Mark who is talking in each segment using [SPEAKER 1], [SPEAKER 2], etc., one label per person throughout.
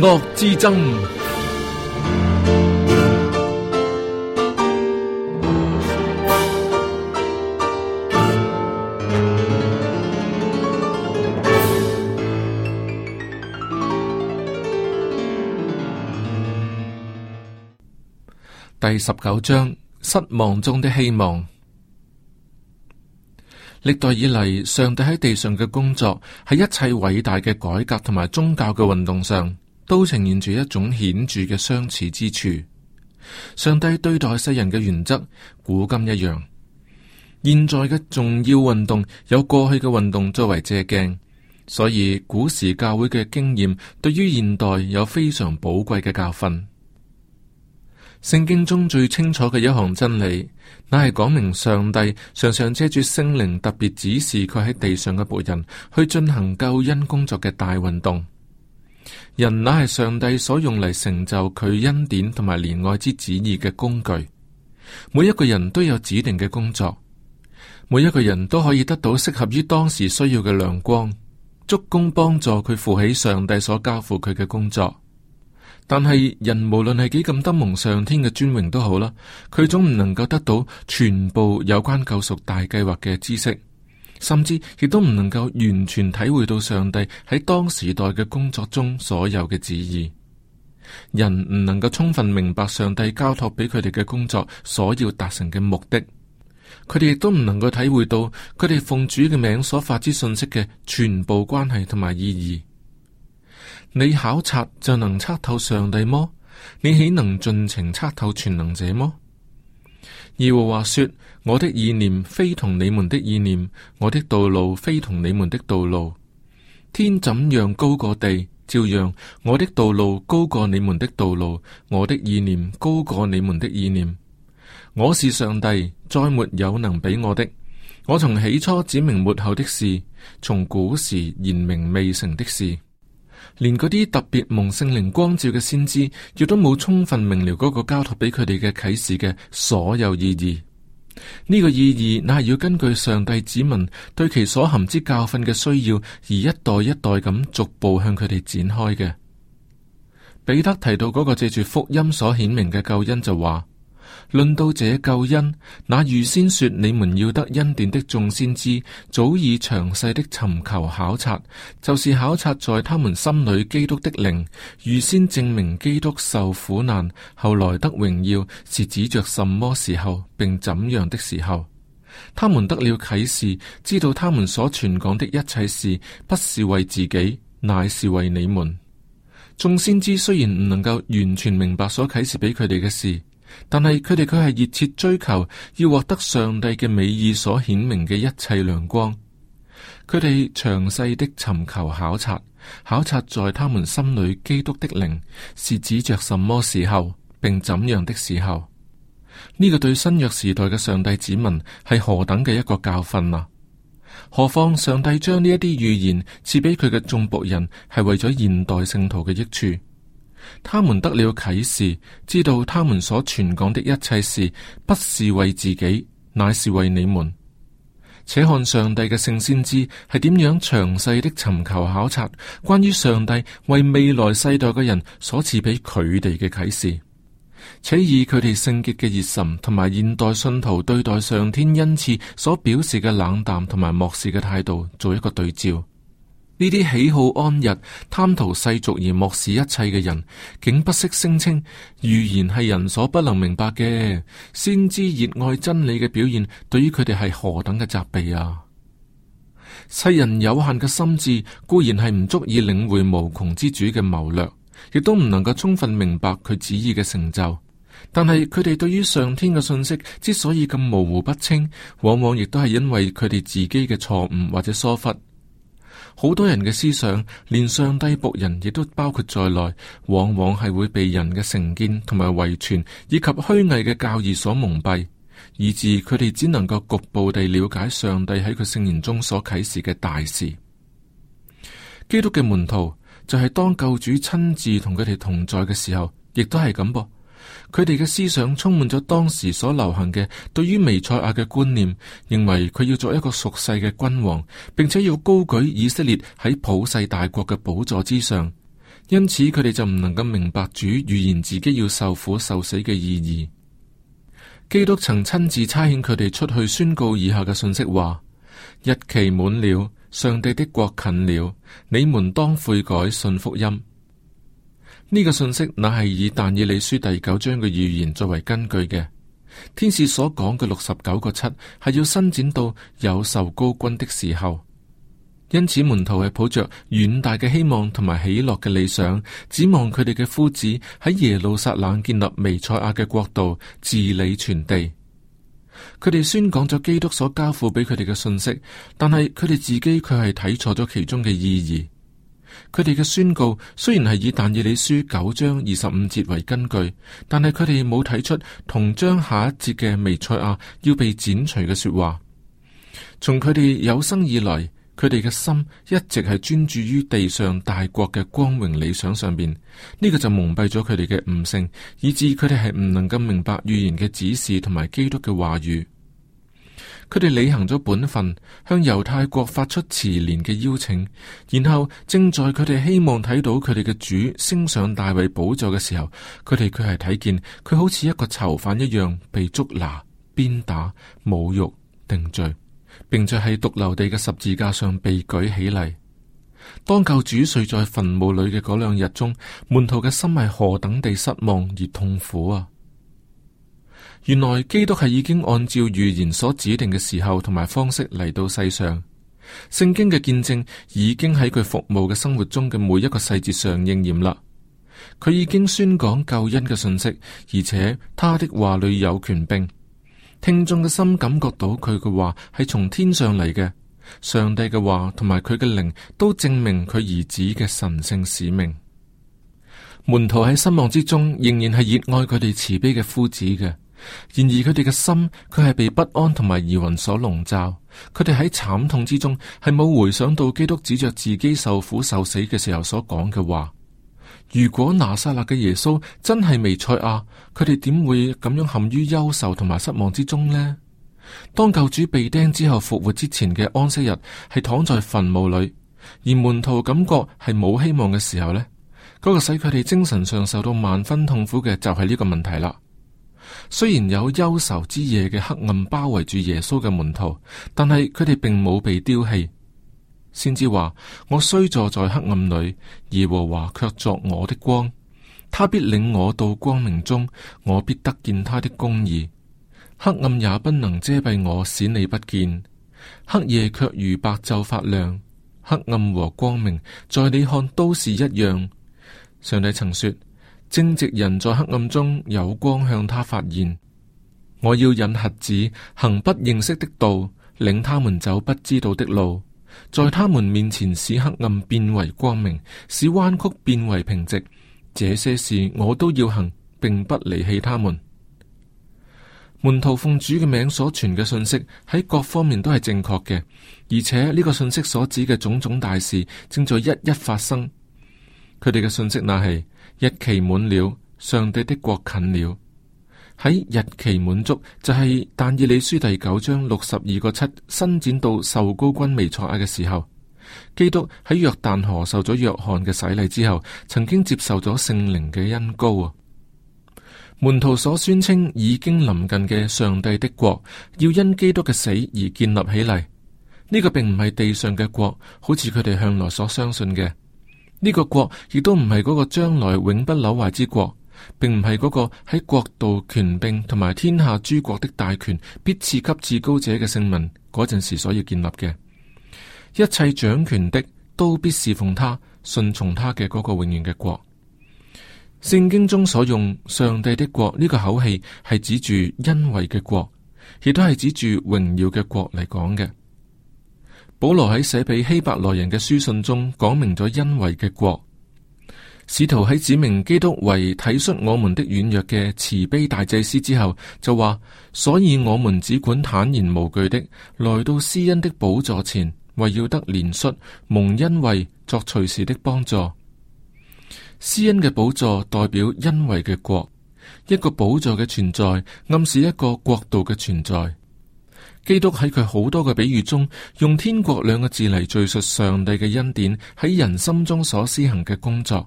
[SPEAKER 1] 惡之爭，第十九章：失望中的希望。歷代以嚟，上帝喺地上嘅工作，喺一切偉大嘅改革同埋宗教嘅運動上，都呈現住一種顯著嘅相似之處。上帝對待世人嘅原則古今一樣。現在嘅重要運動有過去嘅運動作為借鏡，所以古時教會嘅經驗對於現代有非常寶貴嘅教訓。聖經中最清楚嘅一項真理，乃係講明上帝常常遮住聖靈，特別指示佢喺地上嘅僕人去進行救恩工作嘅大運動。人乃係上帝所用嚟成就佢恩典同埋憐愛之旨意嘅工具。每一個人都有指定嘅工作，每一個人都可以得到適合於當時需要嘅亮光，足供幫助佢負起上帝所交付佢嘅工作。但係人無論係幾咁得蒙上天嘅尊榮都好啦，佢總唔能夠得到全部有關救贖大計劃嘅知識。甚至亦都唔能夠完全體會到上帝喺當時代嘅工作中所有嘅旨意，人唔能夠充分明白上帝交託俾佢哋嘅工作所要達成嘅目的，佢哋亦都唔能夠體會到佢哋奉主嘅名所發之信息嘅全部關係同埋意義。你考察就能測透上帝麼？你豈能盡情測透全能者麼？耶和華說：我的意念非同你們的意念，我的道路非同你們的道路。天怎樣高過地，照樣我的道路高過你們的道路，我的意念高過你們的意念。我是上帝，再沒有能比我的。我從起初指明末後的事，從古時言明未成的事。連嗰啲特別蒙聖靈光照嘅先知，亦都冇充分明了嗰個交託俾佢哋嘅啟示嘅所有意義。呢、這個意義，乃係要根據上帝子民對其所含之教訓嘅需要，而一代一代咁逐步向佢哋展開嘅。彼得提到嗰個借住福音所顯明嘅救恩就，就話：論到這救恩，那預先說你們要得恩典的眾先知，早已詳細的尋求考察，就是考察在他們心裏基督的靈，預先證明基督受苦難，後來得榮耀，是指着什麼時候，並怎樣的時候。他們得了啟示，知道他們所傳講的一切事，不是為自己，乃是為你們。眾先知雖然唔能夠完全明白所啟示俾佢哋嘅事。但係佢哋佢係熱切追求要獲得上帝嘅美意所顯明嘅一切亮光，佢哋詳細的尋求考察，考察在他們心裏基督的靈是指着什麼時候，並怎樣的時候。呢個對新約時代嘅上帝子民係何等嘅一個教訓啊！何況上帝將呢一啲預言賜俾佢嘅眾僕人，係為咗現代聖徒嘅益處。他們得了啟示，知道他們所傳講的一切事，不是為自己，乃是為你們。且看上帝嘅聖先知係點樣詳細的尋求考察，關於上帝為未來世代嘅人所賜俾佢哋嘅啟示，且以佢哋聖潔嘅熱心同埋現代信徒對待上天恩賜所表示嘅冷淡同埋漠視嘅態度做一個對照。呢啲喜好安逸、貪圖世俗而漠視一切嘅人，竟不惜聲稱預言係人所不能明白嘅。先知熱愛真理嘅表現，對於佢哋係何等嘅責備啊！世人有限嘅心智固然係唔足以領會無窮之主嘅謀略，亦都唔能夠充分明白佢旨意嘅成就。但係佢哋對於上天嘅信息之所以咁模糊不清，往往亦都係因為佢哋自己嘅錯誤或者疏忽。好多人嘅思想，連上帝僕人亦都包括在內，往往係會被人嘅成見同埋遺傳以及虛偽嘅教義所蒙蔽，以致佢哋只能夠局部地了解上帝喺佢聖言中所啟示嘅大事。基督嘅門徒就係當救主親自同佢哋同在嘅時候，亦都係咁噃。佢哋嘅思想充滿咗當時所流行嘅對於彌賽亞嘅觀念，認為佢要做一個屬世嘅君王，並且要高舉以色列喺普世大國嘅寶座之上。因此，佢哋就唔能夠明白主預言自己要受苦受死嘅意義。基督曾親自差遣佢哋出去宣告以下嘅信息：話日期滿了，上帝的國近了，你們當悔改信福音。呢個信息乃係以但以理書第九章嘅預言作為根據嘅。天使所講嘅六十九個七係要伸展到有受膏君的時候，因此門徒係抱着遠大嘅希望同埋喜樂嘅理想，指望佢哋嘅夫子喺耶路撒冷建立彌賽亞嘅國度，治理全地。佢哋宣講咗基督所交付俾佢哋嘅信息，但係佢哋自己卻係睇錯咗其中嘅意義。佢哋嘅宣告雖然係以但以理書九章二十五節為根據，但係佢哋冇睇出同章下一節嘅彌賽亞要被剪除嘅說話。從佢哋有生以來，佢哋嘅心一直係專注於地上大國嘅光榮理想上面，呢、這個就蒙蔽咗佢哋嘅悟性，以致佢哋係唔能夠明白預言嘅指示同埋基督嘅話語。佢哋履行咗本份，向猶太國發出慈憐嘅邀請。然後正在佢哋希望睇到佢哋嘅主升上大衛寶座嘅時候，佢哋卻係睇見佢好似一個囚犯一樣被捉拿、鞭打、侮辱、定罪，並且喺髑髏地嘅十字架上被舉起嚟。當救主睡在墳墓裏嘅嗰兩日中，門徒嘅心係何等地失望而痛苦啊！原來基督係已經按照預言所指定嘅時候同埋方式嚟到世上，聖經嘅見證已經喺佢服務嘅生活中嘅每一個細節上應驗啦。佢已經宣講救恩嘅信息，而且他的話裏有權柄，聽眾嘅心感覺到佢嘅話係從天上嚟嘅，上帝嘅話同埋佢嘅靈都證明佢兒子嘅神聖使命。門徒喺失望之中，仍然係熱愛佢哋慈悲嘅夫子嘅。然而佢哋嘅心，佢係被不安同埋疑雲所籠罩。佢哋喺慘痛之中，係冇回想到基督指着自己受苦受死嘅時候所講嘅話。如果拿撒勒嘅耶穌真係彌賽亞，佢哋點會咁樣陷於憂愁同埋失望之中呢？當救主被釘之後復活之前嘅安息日，係躺在墳墓裏，而門徒感覺係冇希望嘅時候呢？嗰、那個使佢哋精神上受到萬分痛苦嘅，就係呢個問題啦。雖然有憂愁之夜嘅黑暗包圍住耶穌嘅門徒，但係佢哋並冇被丟棄。先知話：我雖坐在黑暗裏，而和華卻作我的光，他必領我到光明中，我必得見他的公義。黑暗也不能遮蔽我，使你不見。黑夜卻如白晝發亮，黑暗和光明在你看都是一樣。上帝曾說。正直人在黑暗中有光向他發現。我要引瞎子行不認識的道，領他們走不知道的路，在他們面前使黑暗變為光明，使彎曲變為平直。這些事我都要行，並不離棄他們。門徒奉主嘅名所傳嘅信息喺各方面都係正確嘅，而且呢、呢個信息所指嘅種種大事正在一一發生。佢哋嘅信息那，那係。日期滿了，上帝的國近了。喺日期滿足就係、是、但以理書第九章六十二個七，伸展到受膏君彌賽亞嘅時候，基督喺約旦河受咗約翰嘅洗禮之後，曾經接受咗聖靈嘅恩膏啊！門徒所宣稱已經臨近嘅上帝的國，要因基督嘅死而建立起嚟。呢、這個並唔係地上嘅國，好似佢哋向來所相信嘅。呢個國亦都唔係嗰個將來永不朽壞之國，並唔係嗰個喺國度權柄同埋天下諸國的大權必賜給至高者嘅聖民嗰陣時所要建立嘅。一切掌權的都必侍奉他、順從他嘅嗰個永遠嘅國。聖經中所用上帝的國呢個口氣係指住恩惠嘅國，亦都係指住榮耀嘅國嚟講嘅。保羅喺寫俾希伯來人嘅書信中，講明咗恩惠嘅國，試圖喺指明基督為體恤我們的軟弱嘅慈悲大祭司之後，就話：所以我們只管坦然無懼的來到施恩的寶座前，為要得憐恤、蒙恩惠、作隨時的幫助。施恩嘅寶座代表恩惠嘅國，一個寶座嘅存在，暗示一個國度嘅存在。基督喺佢好多嘅比喻中，用天國兩個字嚟敘述上帝嘅恩典喺人心中所施行嘅工作。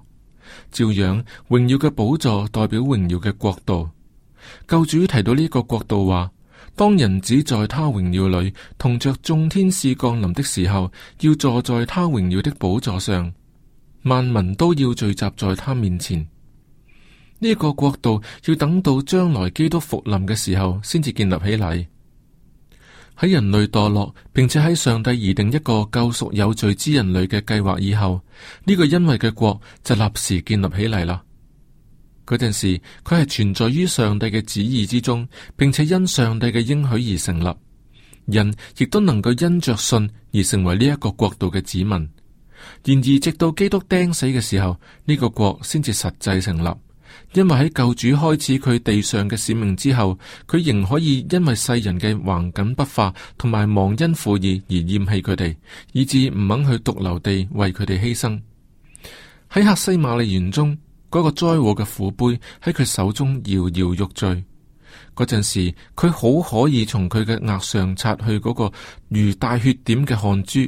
[SPEAKER 1] 照樣，榮耀嘅寶座代表榮耀嘅國度。救主提到呢個國度話，當人子在他榮耀裏同着眾天使降臨的時候，要坐在他榮耀的寶座上，萬民都要聚集在他面前。呢個國度要等到將來基督復臨嘅時候，先至建立起嚟。喺人類墮落，並且喺上帝擬定一個救贖有罪之人類嘅計劃以後，呢、這個恩惠嘅國就立時建立起嚟啦。嗰陣時，佢係存在於上帝嘅旨意之中，並且因上帝嘅應許而成立。人亦都能夠因着信而成為呢一個國度嘅子民。然而，直到基督釘死嘅時候，呢、這個國先至實際成立。因為喺救主開始佢地上嘅使命之後，佢仍可以因為世人嘅橫梗不化同埋忘恩負義而嫌棄佢哋，以至唔肯去獨留地為佢哋犧牲。喺客西馬尼園中嗰、那個災禍嘅苦杯喺佢手中搖搖欲墜，嗰陣時佢好可以從佢嘅額上擦去嗰個如帶血點嘅汗珠，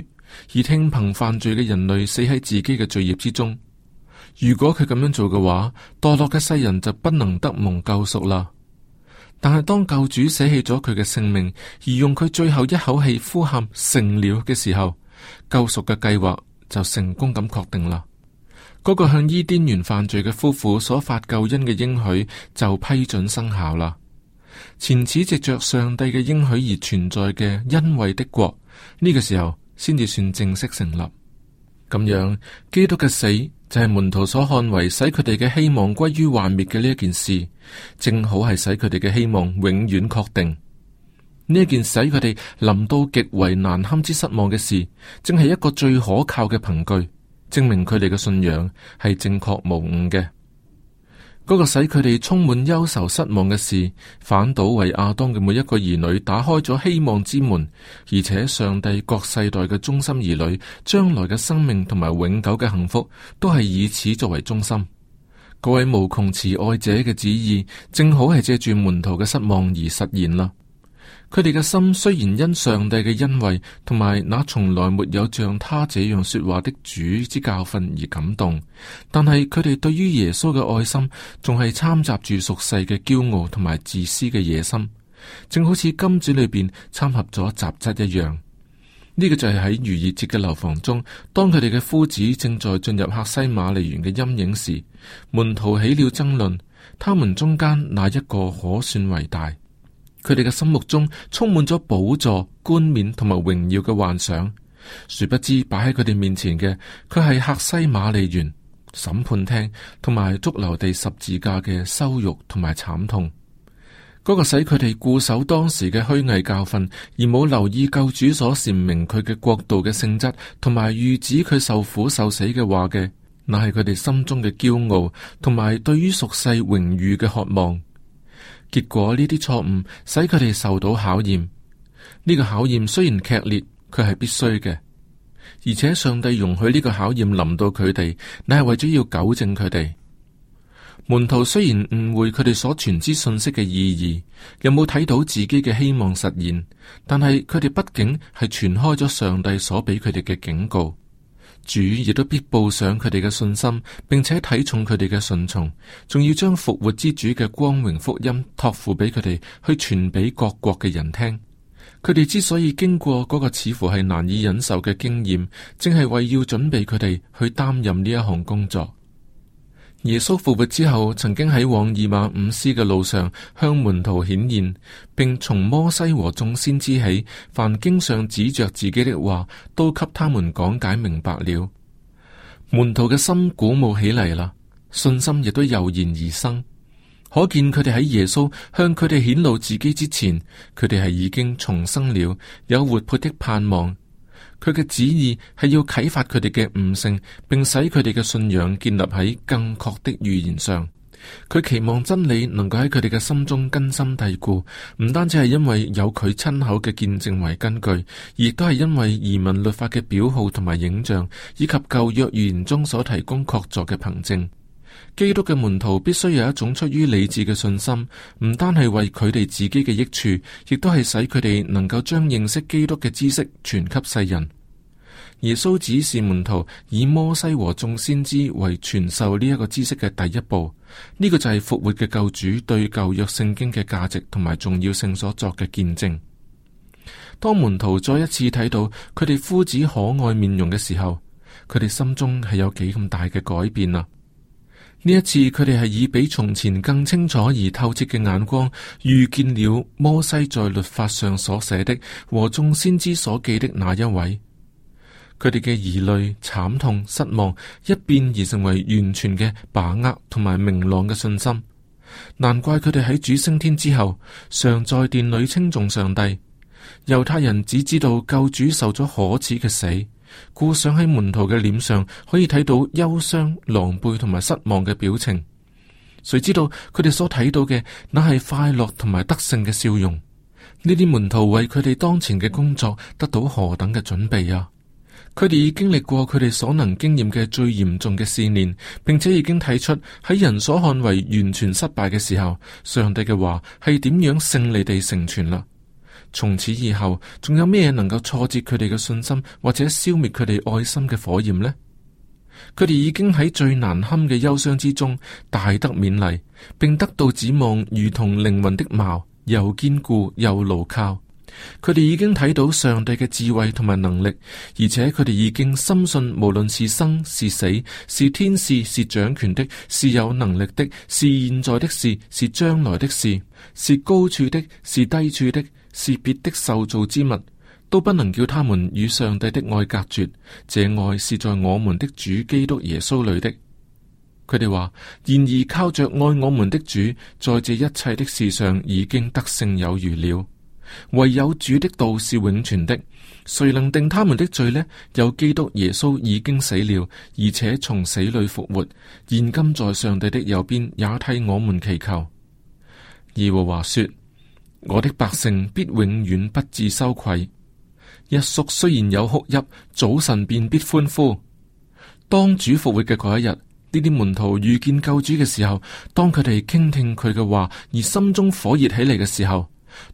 [SPEAKER 1] 而聽憑犯罪嘅人類死喺自己嘅罪孽之中。如果佢咁樣做嘅話，墮落嘅世人就不能得蒙救贖啦。但係當救主捨棄咗佢嘅性命，而用佢最後一口氣呼喊成了嘅時候，救贖嘅計劃就成功咁確定啦。嗰、那個向伊甸園犯罪嘅夫婦所發救恩嘅應許就批准生效啦。前此藉着上帝嘅應許而存在嘅恩惠的國，呢、這個時候先至算正式成立。咁樣，基督嘅死。就係門徒所看為使佢哋嘅希望歸於幻滅嘅呢一件事，正好係使佢哋嘅希望永遠確定。呢一件使佢哋臨到極為難堪之失望嘅事，正係一個最可靠嘅憑據，證明佢哋嘅信仰係正確無誤嘅。嗰個使佢哋充滿憂愁失望嘅事，反倒為亞當嘅每一個兒女打開咗希望之門，而且上帝各世代嘅忠心兒女將來嘅生命同埋永久嘅幸福，都係以此作為中心。各位，無窮慈愛者嘅旨意，正好係借住門徒嘅失望而實現啦。佢哋嘅心雖然因上帝嘅恩惠同埋那從來沒有像他這樣說話的主之教訓而感動，但係佢哋對於耶穌嘅愛心仲係摻雜住俗世嘅驕傲同埋自私嘅野心，正好似金子裏邊摻合咗雜質一樣。呢個就係喺逾越節嘅樓房中，當佢哋嘅夫子正在進入客西馬尼園嘅陰影時，門徒起了爭論，他們中間哪一個可算偉大？佢哋嘅心目中充滿咗寶座、冠冕同埋榮耀嘅幻想，殊不知擺喺佢哋面前嘅，佢係客西馬尼園審判廳同埋髑髏地十字架嘅羞辱同埋慘痛。嗰、那個使佢哋固守當時嘅虛偽教訓，而冇留意救主所闡明佢嘅國度嘅性質，同埋預指佢受苦受死嘅話嘅，乃係佢哋心中嘅驕傲，同埋對於屬世榮譽嘅渴望。結果呢啲錯誤使佢哋受到考驗，呢、這個考驗雖然劇烈，佢係必須嘅，而且上帝容許呢個考驗臨到佢哋，乃係為咗要糾正佢哋。門徒雖然誤會佢哋所傳之信息嘅意義，又冇睇到自己嘅希望實現，但係佢哋畢竟係傳開咗上帝所俾佢哋嘅警告。主亦都必報上佢哋嘅信心，並且睇重佢哋嘅順從，仲要將復活之主嘅光榮福音託付俾佢哋去傳俾各國嘅人聽。佢哋之所以經過嗰個似乎係難以忍受嘅經驗，正係為要準備佢哋去擔任呢一項工作。耶穌復活之後，曾經喺往以馬忤斯嘅路上向門徒顯現，並從摩西和眾先知起，凡經上指着自己的話，都給他們講解明白了。門徒嘅心鼓舞起嚟啦，信心亦都油然而生。可見佢哋喺耶穌向佢哋顯露自己之前，佢哋係已經重生了，有活潑的盼望。佢嘅旨意係要啟發佢哋嘅悟性，並使佢哋嘅信仰建立喺更確的預言上。佢期望真理能夠喺佢哋嘅心中根深蒂固，唔單止係因為有佢親口嘅見證為根據，亦都係因為移民律法嘅表號同埋影像，以及舊約預言中所提供確鑿嘅憑證。基督嘅門徒必須有一種出於理智嘅信心，唔單係為佢哋自己嘅益處，亦都係使佢哋能夠將認識基督嘅知識傳給世人。耶穌指示門徒以摩西和眾先知為傳授呢一個知識嘅第一步，呢、這個就係復活嘅救主對舊約聖經嘅價值同埋重要性所作嘅見證。當門徒再一次睇到佢哋夫子可愛面容嘅時候，佢哋心中係有幾咁大嘅改變啊！呢一次，佢哋係以比從前更清楚而透徹嘅眼光，遇見了摩西在律法上所寫的和眾先知所記的那一位。佢哋嘅疑慮、慘痛、失望一變而成為完全嘅把握同埋明朗嘅信心。難怪佢哋喺主升天之後，常在殿裏稱頌上帝。猶太人只知道救主受咗可恥嘅死。故想喺門徒嘅臉上可以睇到憂傷、狼狽同埋失望嘅表情，誰知道佢哋所睇到嘅那係快樂同埋得勝嘅笑容？呢啲門徒為佢哋當前嘅工作得到何等嘅準備啊！佢哋已經歷過佢哋所能經驗嘅最嚴重嘅試煉，並且已經睇出喺人所看為完全失敗嘅時候，上帝嘅話係點樣勝利地成全啦。從此以後，仲有咩能夠挫折佢哋嘅信心，或者消滅佢哋愛心嘅火焰呢？佢哋已經喺最難堪嘅憂傷之中，大得勉勵，並得到指望，如同靈魂的錨，又堅固又牢靠。佢哋已經睇到上帝嘅智慧同埋能力，而且佢哋已經深信，無論是生是死，是天使，是掌權的，是有能力的，是現在的事，是將來的事，是高處的，是低處的。是別的受造之物都不能叫他們與上帝的愛隔絕，這愛是在我們的主基督耶穌裏的。佢哋話：然而靠着愛我們的主，在這一切的事上已經得勝有餘了。唯有主的道是永存的，誰能定他們的罪呢？有基督耶穌已經死了，而且從死裏復活，現今在上帝的右邊，也替我們祈求。耶和華說。我的百姓必永遠不至羞愧。一宿雖然有哭泣，早晨便必歡呼。當主復活嘅嗰一日，呢啲門徒遇見救主嘅時候，當佢哋傾聽佢嘅話而心中火熱起嚟嘅時候，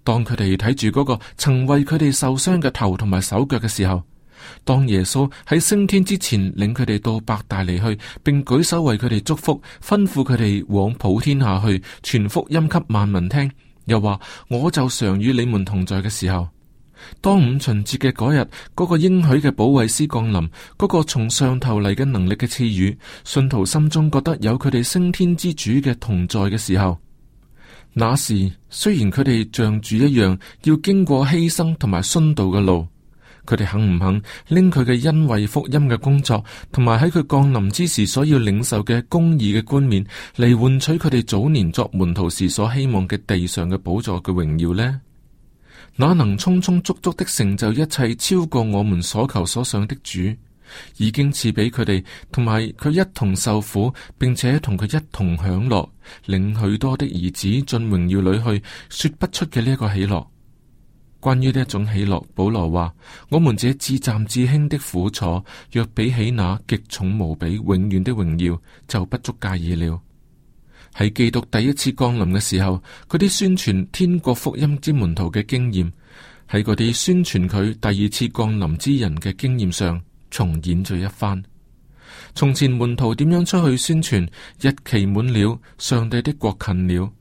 [SPEAKER 1] 當佢哋睇住嗰個曾為佢哋受傷嘅頭同埋手腳嘅時候，當耶穌喺升天之前領佢哋到伯大尼去，並舉手為佢哋祝福，吩咐佢哋往普天下去傳福音給萬民聽。又話我就常與你們同在嘅時候，當五旬節嘅嗰日，嗰、那個應許嘅保惠師降臨，嗰、那個從上頭嚟嘅能力嘅賜予，信徒心中覺得有佢哋升天之主嘅同在嘅時候，那時雖然佢哋像主一樣要經過犧牲同埋殉道嘅路。佢哋肯唔肯拎佢嘅恩惠福音嘅工作，同埋喺佢降臨之時所要領受嘅公義嘅冠冕，嚟換取佢哋早年作門徒時所希望嘅地上嘅寶座嘅榮耀呢？哪能充充足足的成就一切超過我們所求所想的主，已經賜俾佢哋，同埋佢一同受苦，並且同佢一同享樂，領許多的兒子進榮耀裏去，說不出嘅呢一個喜樂。關於呢一種喜樂，保羅話：我們這至暫至輕的苦楚，若比起那極重無比、永遠的榮耀，就不足介意了。喺基督第一次降臨嘅時候，嗰啲宣傳天國福音之門徒嘅經驗，喺嗰啲宣傳佢第二次降臨之人嘅經驗上，重演咗一番。從前門徒點樣出去宣傳，日期滿了，上帝的國近了。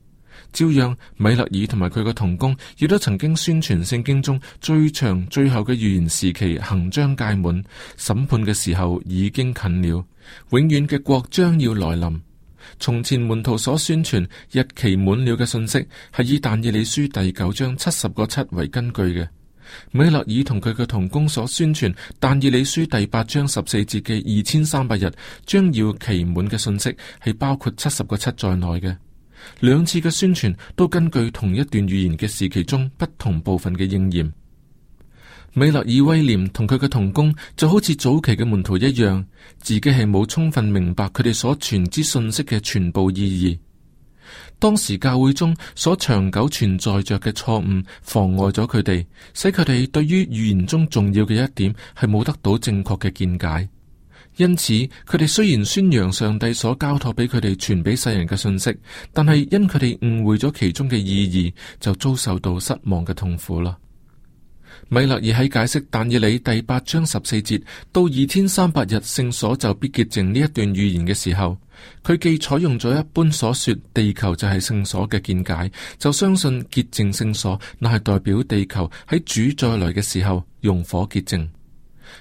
[SPEAKER 1] 照樣，米勒爾同埋佢個同工亦都曾經宣傳聖經中最長最後嘅預言時期行將屆滿，審判嘅時候已經近了，永遠嘅國將要來臨。從前門徒所宣傳日期滿了嘅信息，係以但以理書第九章七十個七為根據嘅。米勒爾同佢嘅同工所宣傳但以理書第八章十四節嘅二千三百日將要期滿嘅信息，係包括七十個七在內嘅。兩次嘅宣傳都根據同一段預言嘅時期中不同部分嘅應驗。美勒爾威廉同佢嘅同工就好似早期嘅門徒一樣，自己係冇充分明白佢哋所傳之訊息嘅全部意義。當時教會中所長久存在着嘅錯誤，妨礙咗佢哋，使佢哋對於預言中重要嘅一點係冇得到正確嘅見解。因此，佢哋雖然宣揚上帝所交託俾佢哋傳俾世人嘅信息，但係因佢哋誤會咗其中嘅意義，就遭受到失望嘅痛苦啦。米勒爾喺解釋但以理第八章十四節到二千三百日聖所就必潔淨呢一段預言嘅時候，佢既採用咗一般所說地球就係聖所嘅見解，就相信潔淨聖所那係代表地球喺主再來嘅時候用火潔淨。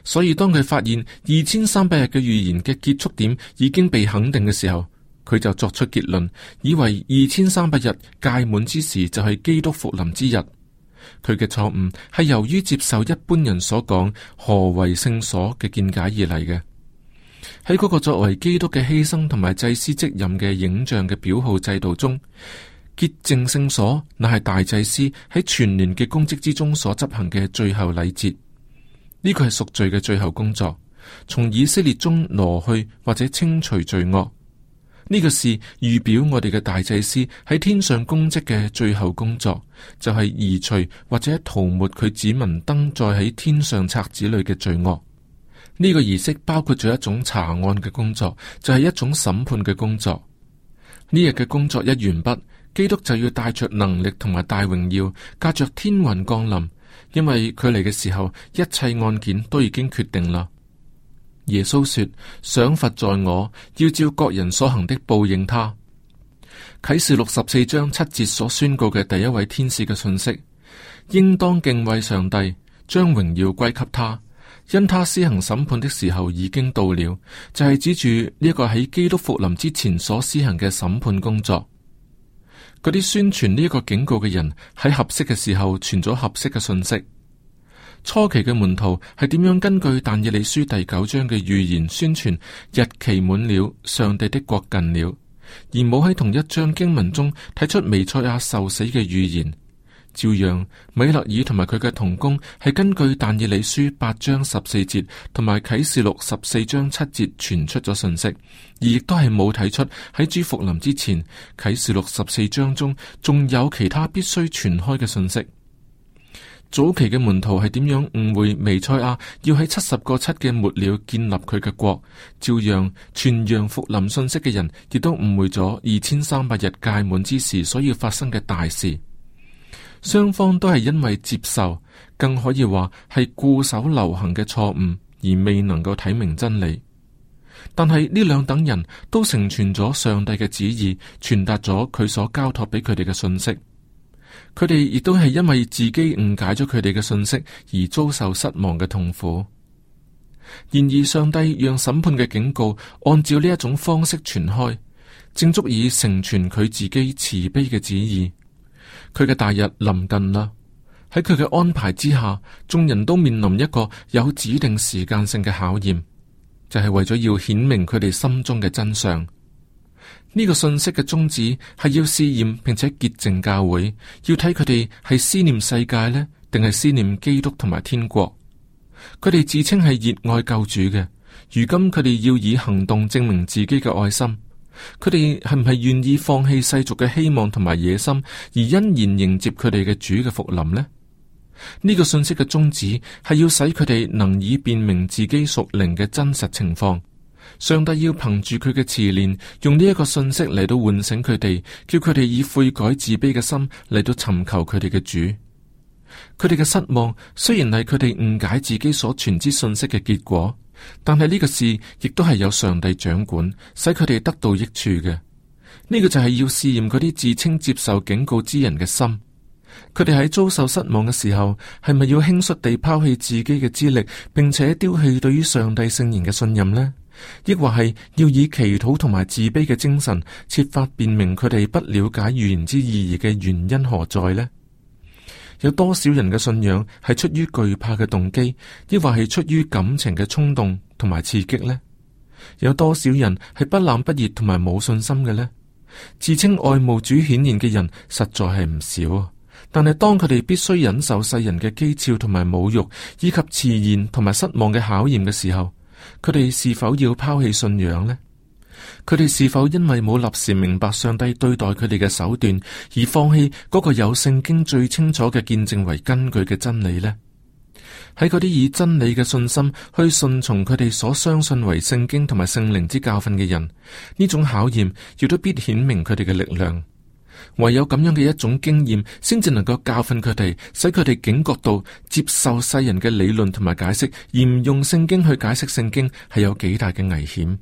[SPEAKER 1] 所以當佢發現二千三百日嘅預言嘅結束點已經被肯定嘅時候，佢就作出結論，以為二千三百日屆滿之時就係基督復臨之日。佢嘅錯誤係由於接受一般人所講何為聖所嘅見解而嚟嘅。喺嗰個作為基督嘅犧牲同埋祭司職任嘅影像嘅表號制度中，潔淨聖所乃係大祭司喺全年嘅公職之中所執行嘅最後禮節。呢個係贖罪嘅最後工作，從以色列中挪去或者清除罪惡。呢、這個是預表我哋嘅大祭司喺天上公職嘅最後工作，就係移除或者塗抹佢指紋登載喺天上冊子裏嘅罪惡。呢、這個儀式包括咗一種查案嘅工作，就係、是、一種審判嘅工作。呢日嘅工作一完畢，基督就要帶着能力同埋大榮耀，駕着天雲降臨。因為佢嚟嘅時候，一切案件都已經決定啦。耶穌說：賞罰在我，要照各人所行的報應他。啟示錄十四章七節所宣告嘅第一位天使嘅信息，應當敬畏上帝，將榮耀歸給他，因他施行審判的時候已經到了。就係、是、指住呢個喺基督復臨之前所施行嘅審判工作。嗰啲宣傳呢一個警告嘅人，喺合適嘅時候傳咗合適嘅信息。初期嘅門徒係點樣根據但以理書第九章嘅預言宣傳？日期滿了，上帝的國近了，而冇喺同一章經文中睇出彌賽亞受死嘅預言。照樣，米勒爾同埋佢嘅同工係根據但以理書八章十四節同埋啟示錄十四章七節傳出咗信息，而亦都係冇睇出喺主復臨之前啟示錄十四章中仲有其他必須傳開嘅信息。早期嘅門徒係點樣誤會，彌賽亞要喺七十個七嘅末了建立佢嘅國？照樣傳揚復臨信息嘅人亦都誤會咗二千三百日屆滿之時所要發生嘅大事。雙方都係因為接受，更可以話係固守流行嘅錯誤，而未能夠睇明真理。但係呢兩等人都成全咗上帝嘅旨意，傳達咗佢所交託俾佢哋嘅信息。佢哋亦都係因為自己誤解咗佢哋嘅信息，而遭受失望嘅痛苦。然而，上帝讓審判嘅警告按照呢一種方式傳開，正足以成全佢自己慈悲嘅旨意。佢嘅大日臨近啦，喺佢嘅安排之下，眾人都面臨一個有指定時間性嘅考驗，就係、是、為咗要顯明佢哋心中嘅真相。呢、這個信息嘅宗旨係要試驗並且潔淨教會，要睇佢哋係思念世界呢，定係思念基督同埋天國。佢哋自稱係熱愛救主嘅，如今佢哋要以行動證明自己嘅愛心。佢哋係唔係願意放棄世俗嘅希望同埋野心，而欣然迎接佢哋嘅主嘅復臨呢？呢個信息嘅宗旨係要使佢哋能以辨明自己屬靈嘅真實情況。上帝要憑住佢嘅慈憐，用呢一個信息嚟到喚醒佢哋，叫佢哋以悔改自卑嘅心嚟到尋求佢哋嘅主。佢哋嘅失望雖然係佢哋誤解自己所傳之信息嘅結果，但係呢個事亦都係有上帝掌管，使佢哋得到益處嘅。呢個就係要試驗嗰啲自稱接受警告之人嘅心。佢哋喺遭受失望嘅時候，係咪要輕率地拋棄自己嘅資歷，並且丟棄對於上帝聖言嘅信任呢？抑或係要以祈禱同埋自卑嘅精神，設法辨明佢哋不了解預言之意義嘅原因何在呢？有多少人嘅信仰係出於懼怕嘅動機，抑或係出於感情嘅衝動同埋刺激呢？有多少人係不冷不熱同埋冇信心嘅呢？自稱愛慕主顯現嘅人實在係唔少啊。但係當佢哋必須忍受世人嘅譏笑同埋侮辱，以及遲延同埋失望嘅考驗嘅時候，佢哋是否要拋棄信仰呢？佢哋是否因為冇立時明白上帝對待佢哋嘅手段，而放棄嗰個有聖經最清楚嘅見證為根據嘅真理呢？喺嗰啲以真理嘅信心去順從佢哋所相信為聖經同埋聖靈之教訓嘅人，呢種考驗亦都必顯明佢哋嘅力量。唯有咁樣嘅一種經驗，先至能夠教訓佢哋，使佢哋警覺到接受世人嘅理論同埋解釋，而唔用聖經去解釋聖經係有幾大嘅危險。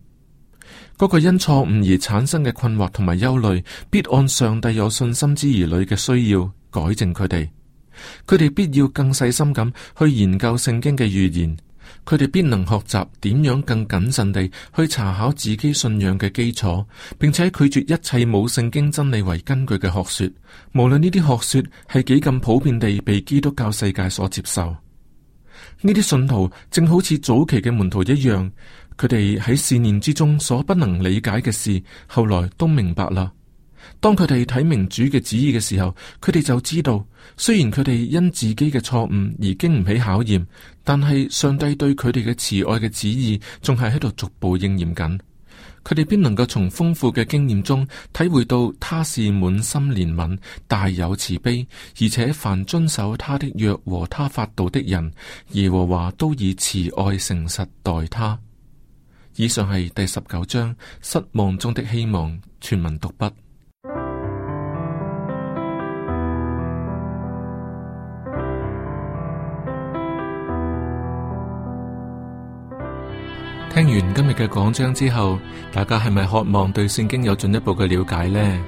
[SPEAKER 1] 嗰個因錯誤而產生嘅困惑同埋憂慮，必按上帝有信心之兒女嘅需要改正佢哋。佢哋必要更細心咁去研究聖經嘅預言，佢哋必能學習點樣更謹慎地去查考自己信仰嘅基礎，並且拒絕一切冇聖經真理為根據嘅學說，無論呢啲學說係幾咁普遍地被基督教世界所接受。呢啲信徒正好似早期嘅門徒一樣。佢哋喺善念之中所不能理解嘅事，後來都明白啦。當佢哋睇明主嘅旨意嘅時候，佢哋就知道，雖然佢哋因自己嘅錯誤而經唔起考驗，但係上帝對佢哋嘅慈愛嘅旨意仲係喺度逐步應驗緊。佢哋必能夠從豐富嘅經驗中體會到，他是滿心憐憫、大有慈悲，而且凡遵守他的約和他法度的人，耶和華都以慈愛誠實待他。以上係第十九章《失望中的希望》全文讀筆。聽完今日嘅講章之後，大家係咪渴望對聖經有進一步嘅了解呢？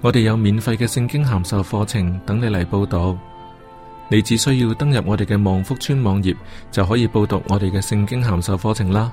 [SPEAKER 1] 我哋有免費嘅聖經函授課程等你嚟報讀。你只需要登入我哋嘅望福村網頁，就可以報讀我哋嘅聖經函授課程啦。